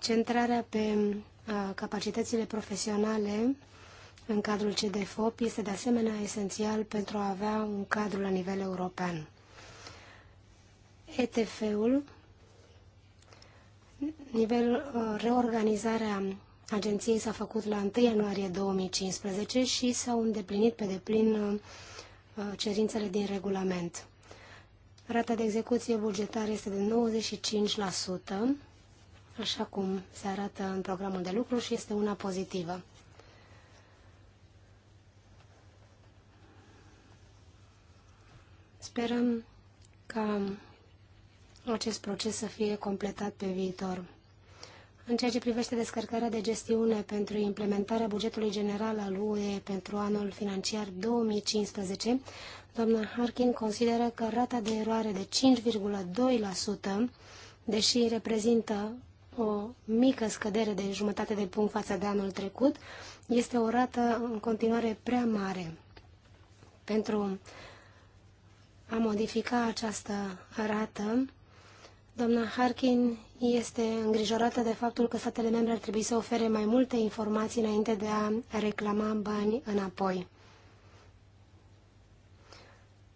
Centrarea pe uh, capacitățile profesionale în cadrul CDFOP este de asemenea esențial pentru a avea un cadru la nivel european. ETF-ul, nivel, uh, reorganizarea agenției s-a făcut la 1 ianuarie 2015 și s-au îndeplinit pe deplin uh, cerințele din regulament. Rata de execuție bugetară este de 95%, așa cum se arată în programul de lucru și este una pozitivă. Sperăm ca acest proces să fie completat pe viitor. În ceea ce privește descărcarea de gestiune pentru implementarea bugetului general al UE pentru anul financiar 2015, doamna Harkin consideră că rata de eroare de 5,2%, deși reprezintă o mică scădere de jumătate de punct față de anul trecut, este o rată în continuare prea mare. Pentru a modifica această rată. Doamna Harkin este îngrijorată de faptul că statele membre ar trebui să ofere mai multe informații înainte de a reclama bani înapoi.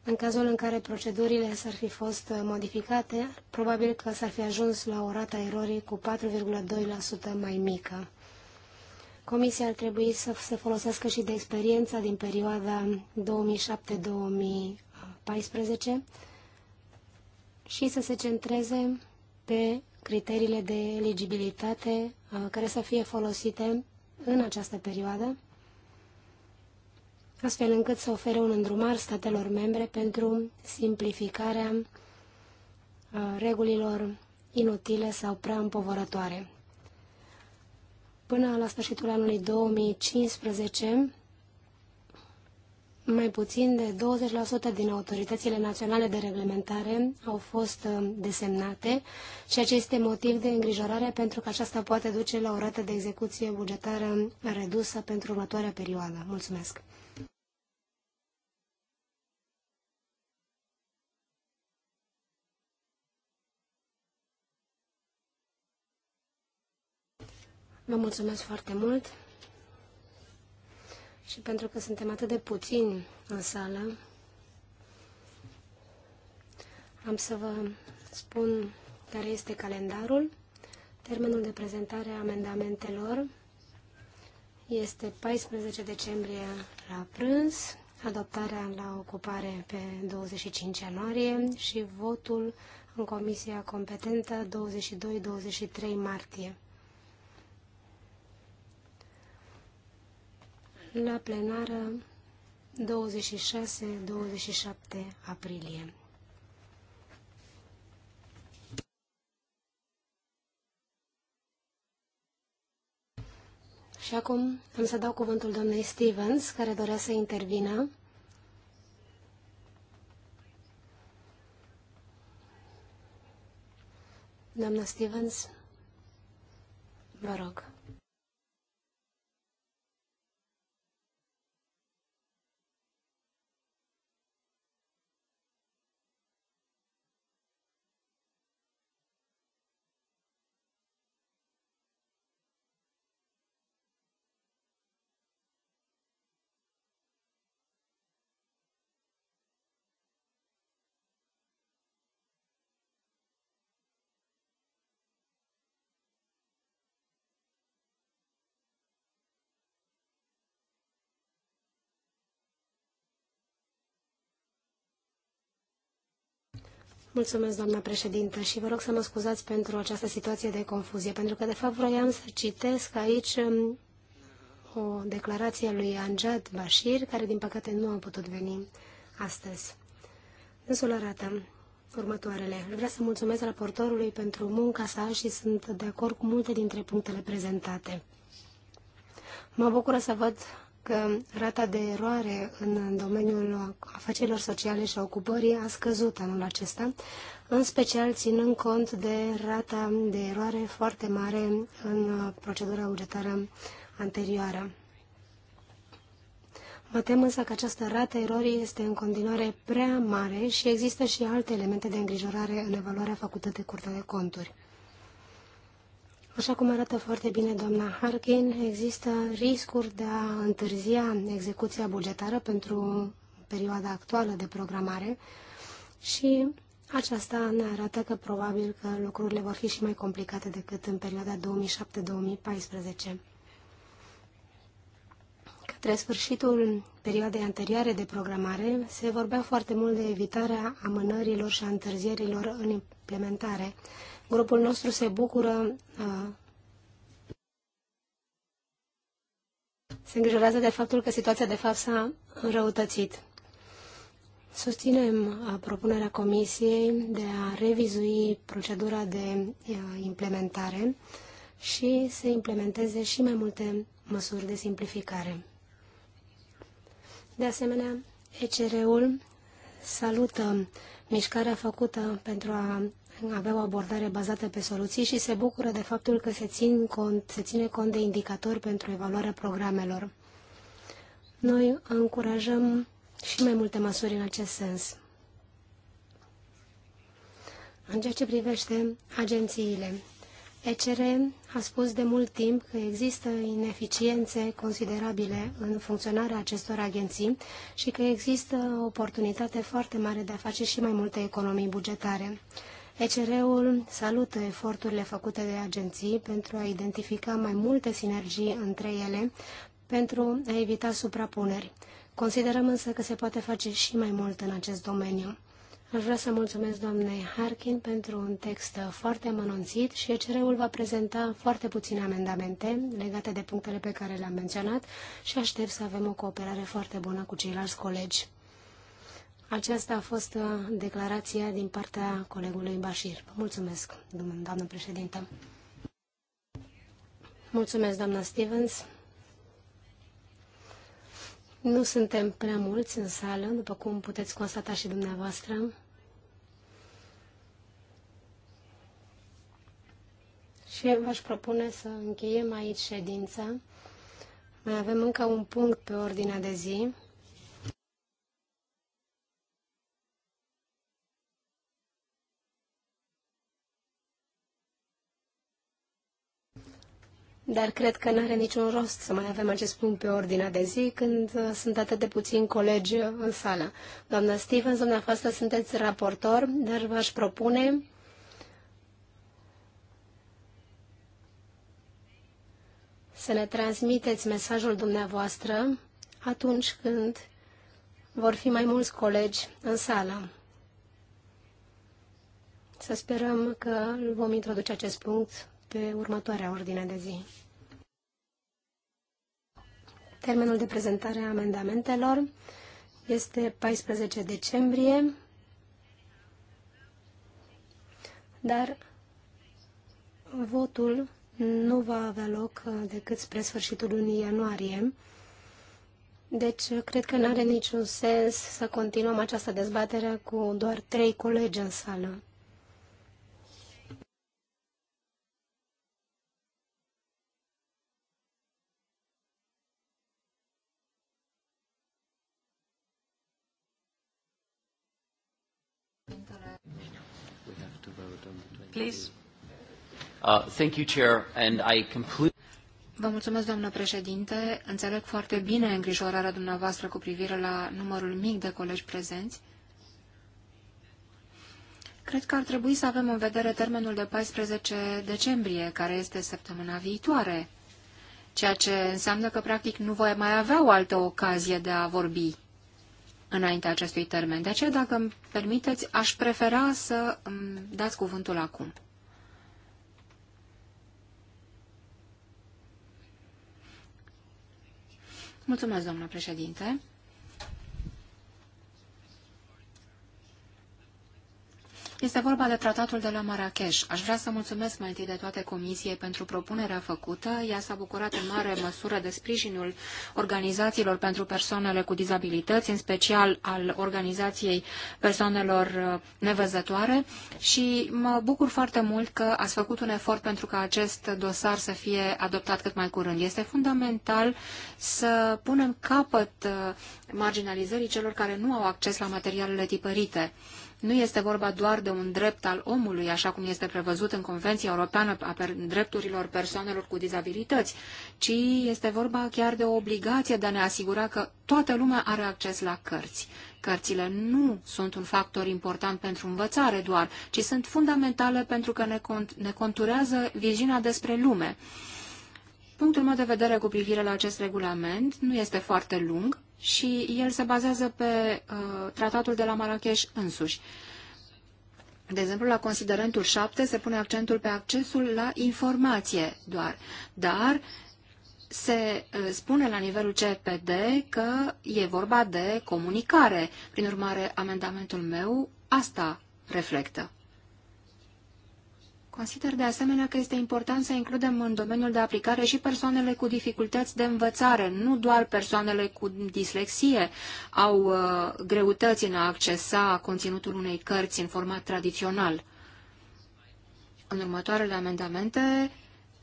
În cazul în care procedurile s-ar fi fost modificate, probabil că s-ar fi ajuns la o rată a erorii cu 4,2% mai mică. Comisia ar trebui să se folosească și de experiența din perioada 2007-2008 14 și să se centreze pe criteriile de eligibilitate uh, care să fie folosite în această perioadă, astfel încât să ofere un îndrumar statelor membre pentru simplificarea uh, regulilor inutile sau prea împovărătoare. Până la sfârșitul anului 2015, mai puțin de 20% din autoritățile naționale de reglementare au fost uh, desemnate, ceea ce este motiv de îngrijorare pentru că aceasta poate duce la o rată de execuție bugetară redusă pentru următoarea perioadă. Mulțumesc! Vă mulțumesc foarte mult! și pentru că suntem atât de puțini în sală, am să vă spun care este calendarul. Termenul de prezentare a amendamentelor este 14 decembrie la prânz, adoptarea la ocupare pe 25 ianuarie și votul în comisia competentă 22-23 martie. la plenară 26-27 aprilie. Și acum am să dau cuvântul doamnei Stevens, care dorea să intervină. Doamna Stevens, vă rog. Mulțumesc, doamna președintă, și vă rog să mă scuzați pentru această situație de confuzie, pentru că, de fapt, vroiam să citesc aici um, o declarație a lui Anjad Bashir, care, din păcate, nu a putut veni astăzi. Însul arată următoarele. Vreau să mulțumesc raportorului pentru munca sa și sunt de acord cu multe dintre punctele prezentate. Mă bucură să văd că rata de eroare în domeniul afacerilor sociale și a ocupării a scăzut anul acesta, în special ținând cont de rata de eroare foarte mare în procedura bugetară anterioară. Mă tem însă că această rată erorii este în continuare prea mare și există și alte elemente de îngrijorare în evaluarea făcută de Curtea de Conturi. Așa cum arată foarte bine doamna Harkin, există riscuri de a întârzia execuția bugetară pentru perioada actuală de programare și aceasta ne arată că probabil că lucrurile vor fi și mai complicate decât în perioada 2007-2014. Către sfârșitul perioadei anterioare de programare se vorbea foarte mult de evitarea amânărilor și a întârzierilor în implementare, Grupul nostru se bucură, se îngrijorează de faptul că situația de fapt s-a înrăutățit. Susținem propunerea Comisiei de a revizui procedura de implementare și să implementeze și mai multe măsuri de simplificare. De asemenea, ECR-ul salută mișcarea făcută pentru a avea o abordare bazată pe soluții și se bucură de faptul că se, țin cont, se ține cont de indicatori pentru evaluarea programelor. Noi încurajăm și mai multe măsuri în acest sens. În ceea ce privește agențiile, ECR a spus de mult timp că există ineficiențe considerabile în funcționarea acestor agenții și că există o oportunitate foarte mare de a face și mai multe economii bugetare. ECR-ul salută eforturile făcute de agenții pentru a identifica mai multe sinergii între ele pentru a evita suprapuneri. Considerăm însă că se poate face și mai mult în acest domeniu. Aș vrea să mulțumesc doamnei Harkin pentru un text foarte mănunțit și ECR-ul va prezenta foarte puține amendamente legate de punctele pe care le-am menționat și aștept să avem o cooperare foarte bună cu ceilalți colegi. Aceasta a fost uh, declarația din partea colegului Bashir. mulțumesc, doamnă președintă. Mulțumesc, doamna Stevens. Nu suntem prea mulți în sală, după cum puteți constata și dumneavoastră. Și v-aș propune să încheiem aici ședința. Mai avem încă un punct pe ordinea de zi. dar cred că nu are niciun rost să mai avem acest punct pe ordinea de zi când uh, sunt atât de puțini colegi uh, în sală. Doamna Stevens, doamna Fostă, sunteți raportor, dar v-aș propune să ne transmiteți mesajul dumneavoastră atunci când vor fi mai mulți colegi în sală. Să sperăm că vom introduce acest punct pe următoarea ordine de zi. Termenul de prezentare a amendamentelor este 14 decembrie, dar votul nu va avea loc uh, decât spre sfârșitul lunii ianuarie. Deci, uh, cred că nu are niciun sens să continuăm această dezbatere cu doar trei colegi în sală. please. Uh, thank you, Chair, and I Vă mulțumesc, doamnă președinte. Înțeleg foarte bine îngrijorarea dumneavoastră cu privire la numărul mic de colegi prezenți. Cred că ar trebui să avem în vedere termenul de 14 decembrie, care este săptămâna viitoare, ceea ce înseamnă că, practic, nu voi mai avea o altă ocazie de a vorbi înaintea acestui termen. De aceea, dacă îmi permiteți, aș prefera să îmi dați cuvântul acum. Mulțumesc, doamnă președinte. Este vorba de tratatul de la Marrakeș. Aș vrea să mulțumesc mai întâi de toate comisiei pentru propunerea făcută. Ea s-a bucurat în mare măsură de sprijinul organizațiilor pentru persoanele cu dizabilități, în special al organizației persoanelor uh, nevăzătoare și mă bucur foarte mult că ați făcut un efort pentru ca acest dosar să fie adoptat cât mai curând. Este fundamental să punem capăt uh, marginalizării celor care nu au acces la materialele tipărite. Nu este vorba doar de un drept al omului, așa cum este prevăzut în Convenția Europeană a Drepturilor Persoanelor cu Dizabilități, ci este vorba chiar de o obligație de a ne asigura că toată lumea are acces la cărți. Cărțile nu sunt un factor important pentru învățare doar, ci sunt fundamentale pentru că ne, cont ne conturează viziunea despre lume. Punctul meu de vedere cu privire la acest regulament nu este foarte lung, și el se bazează pe uh, tratatul de la Marrakesh însuși. De exemplu, la considerentul 7 se pune accentul pe accesul la informație doar, dar se uh, spune la nivelul CPD că e vorba de comunicare. Prin urmare, amendamentul meu asta reflectă. Consider de asemenea că este important să includem în domeniul de aplicare și persoanele cu dificultăți de învățare, nu doar persoanele cu dislexie au uh, greutăți în a accesa conținutul unei cărți în format tradițional. În următoarele amendamente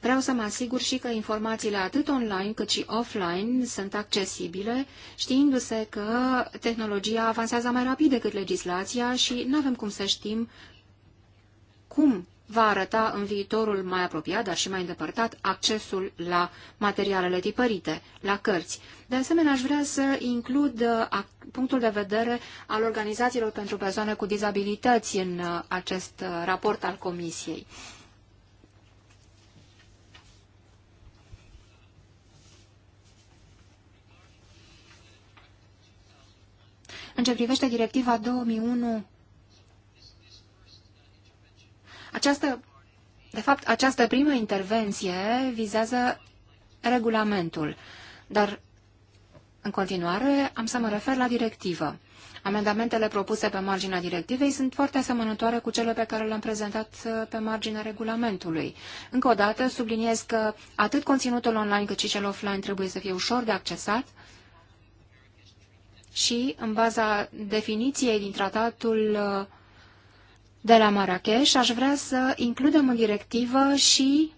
vreau să mă asigur și că informațiile atât online cât și offline sunt accesibile, știindu-se că tehnologia avansează mai rapid decât legislația și nu avem cum să știm cum va arăta în viitorul mai apropiat, dar și mai îndepărtat, accesul la materialele tipărite, la cărți. De asemenea, aș vrea să includ uh, punctul de vedere al organizațiilor pentru persoane cu dizabilități în uh, acest uh, raport al Comisiei. În ce privește directiva 2001 Această, de fapt, această primă intervenție vizează regulamentul, dar în continuare am să mă refer la directivă. Amendamentele propuse pe marginea directivei sunt foarte asemănătoare cu cele pe care le-am prezentat uh, pe marginea regulamentului. Încă o dată subliniez că atât conținutul online cât și cel offline trebuie să fie ușor de accesat și, în baza definiției din tratatul uh, de la Marrakesh, aș vrea să includem în directivă și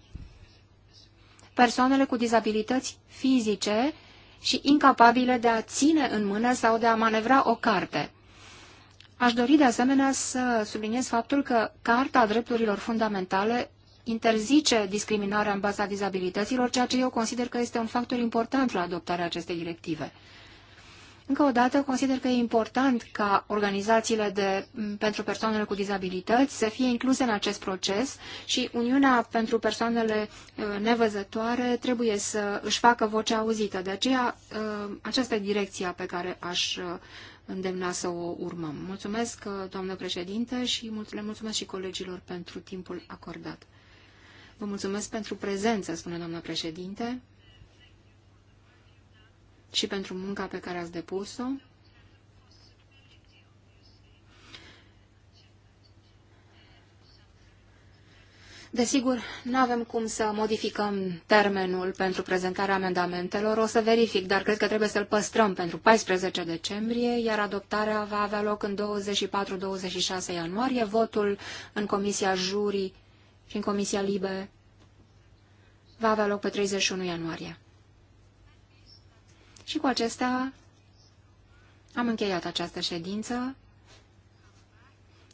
persoanele cu dizabilități fizice și incapabile de a ține în mână sau de a manevra o carte. Aș dori de asemenea să subliniez faptul că Carta Drepturilor Fundamentale interzice discriminarea în baza dizabilităților, ceea ce eu consider că este un factor important la adoptarea acestei directive. Încă o dată, consider că e important ca organizațiile de, pentru persoanele cu dizabilități să fie incluse în acest proces și Uniunea pentru persoanele uh, nevăzătoare trebuie să își facă vocea auzită. De aceea, uh, aceasta e direcția pe care aș uh, îndemna să o urmăm. Mulțumesc, doamnă președinte, și le mulțumesc și colegilor pentru timpul acordat. Vă mulțumesc pentru prezență, spune doamnă președinte și pentru munca pe care ați depus-o. Desigur, nu avem cum să modificăm termenul pentru prezentarea amendamentelor, o să verific, dar cred că trebuie să-l păstrăm pentru 14 decembrie, iar adoptarea va avea loc în 24-26 ianuarie, votul în Comisia Jurii și în Comisia Libe va avea loc pe 31 ianuarie. Și cu acestea am încheiat această ședință.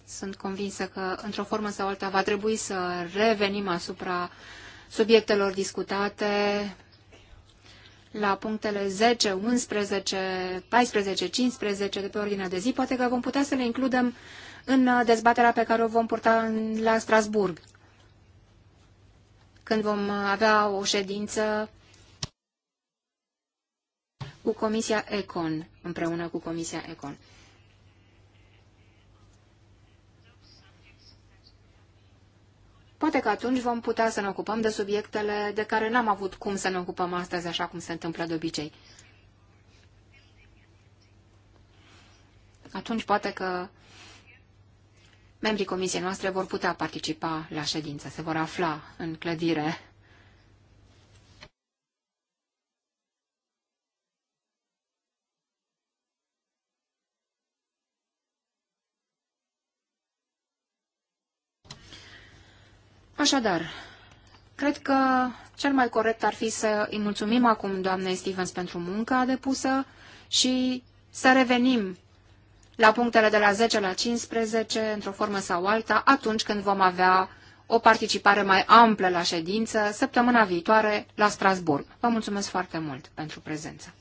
Sunt convinsă că, într-o formă sau alta, va trebui să revenim asupra subiectelor discutate la punctele 10, 11, 14, 15 de pe ordinea de zi. Poate că vom putea să le includem în uh, dezbaterea pe care o vom purta la Strasburg, când vom uh, avea o ședință cu Comisia ECON, împreună cu Comisia ECON. Poate că atunci vom putea să ne ocupăm de subiectele de care n-am avut cum să ne ocupăm astăzi, așa cum se întâmplă de obicei. Atunci poate că membrii comisiei noastre vor putea participa la ședință, se vor afla în clădire. Așadar, cred că cel mai corect ar fi să îi mulțumim acum doamnei Stevens pentru munca depusă și să revenim la punctele de la 10 la 15, într-o formă sau alta, atunci când vom avea o participare mai amplă la ședință săptămâna viitoare la Strasburg. Vă mulțumesc foarte mult pentru prezență.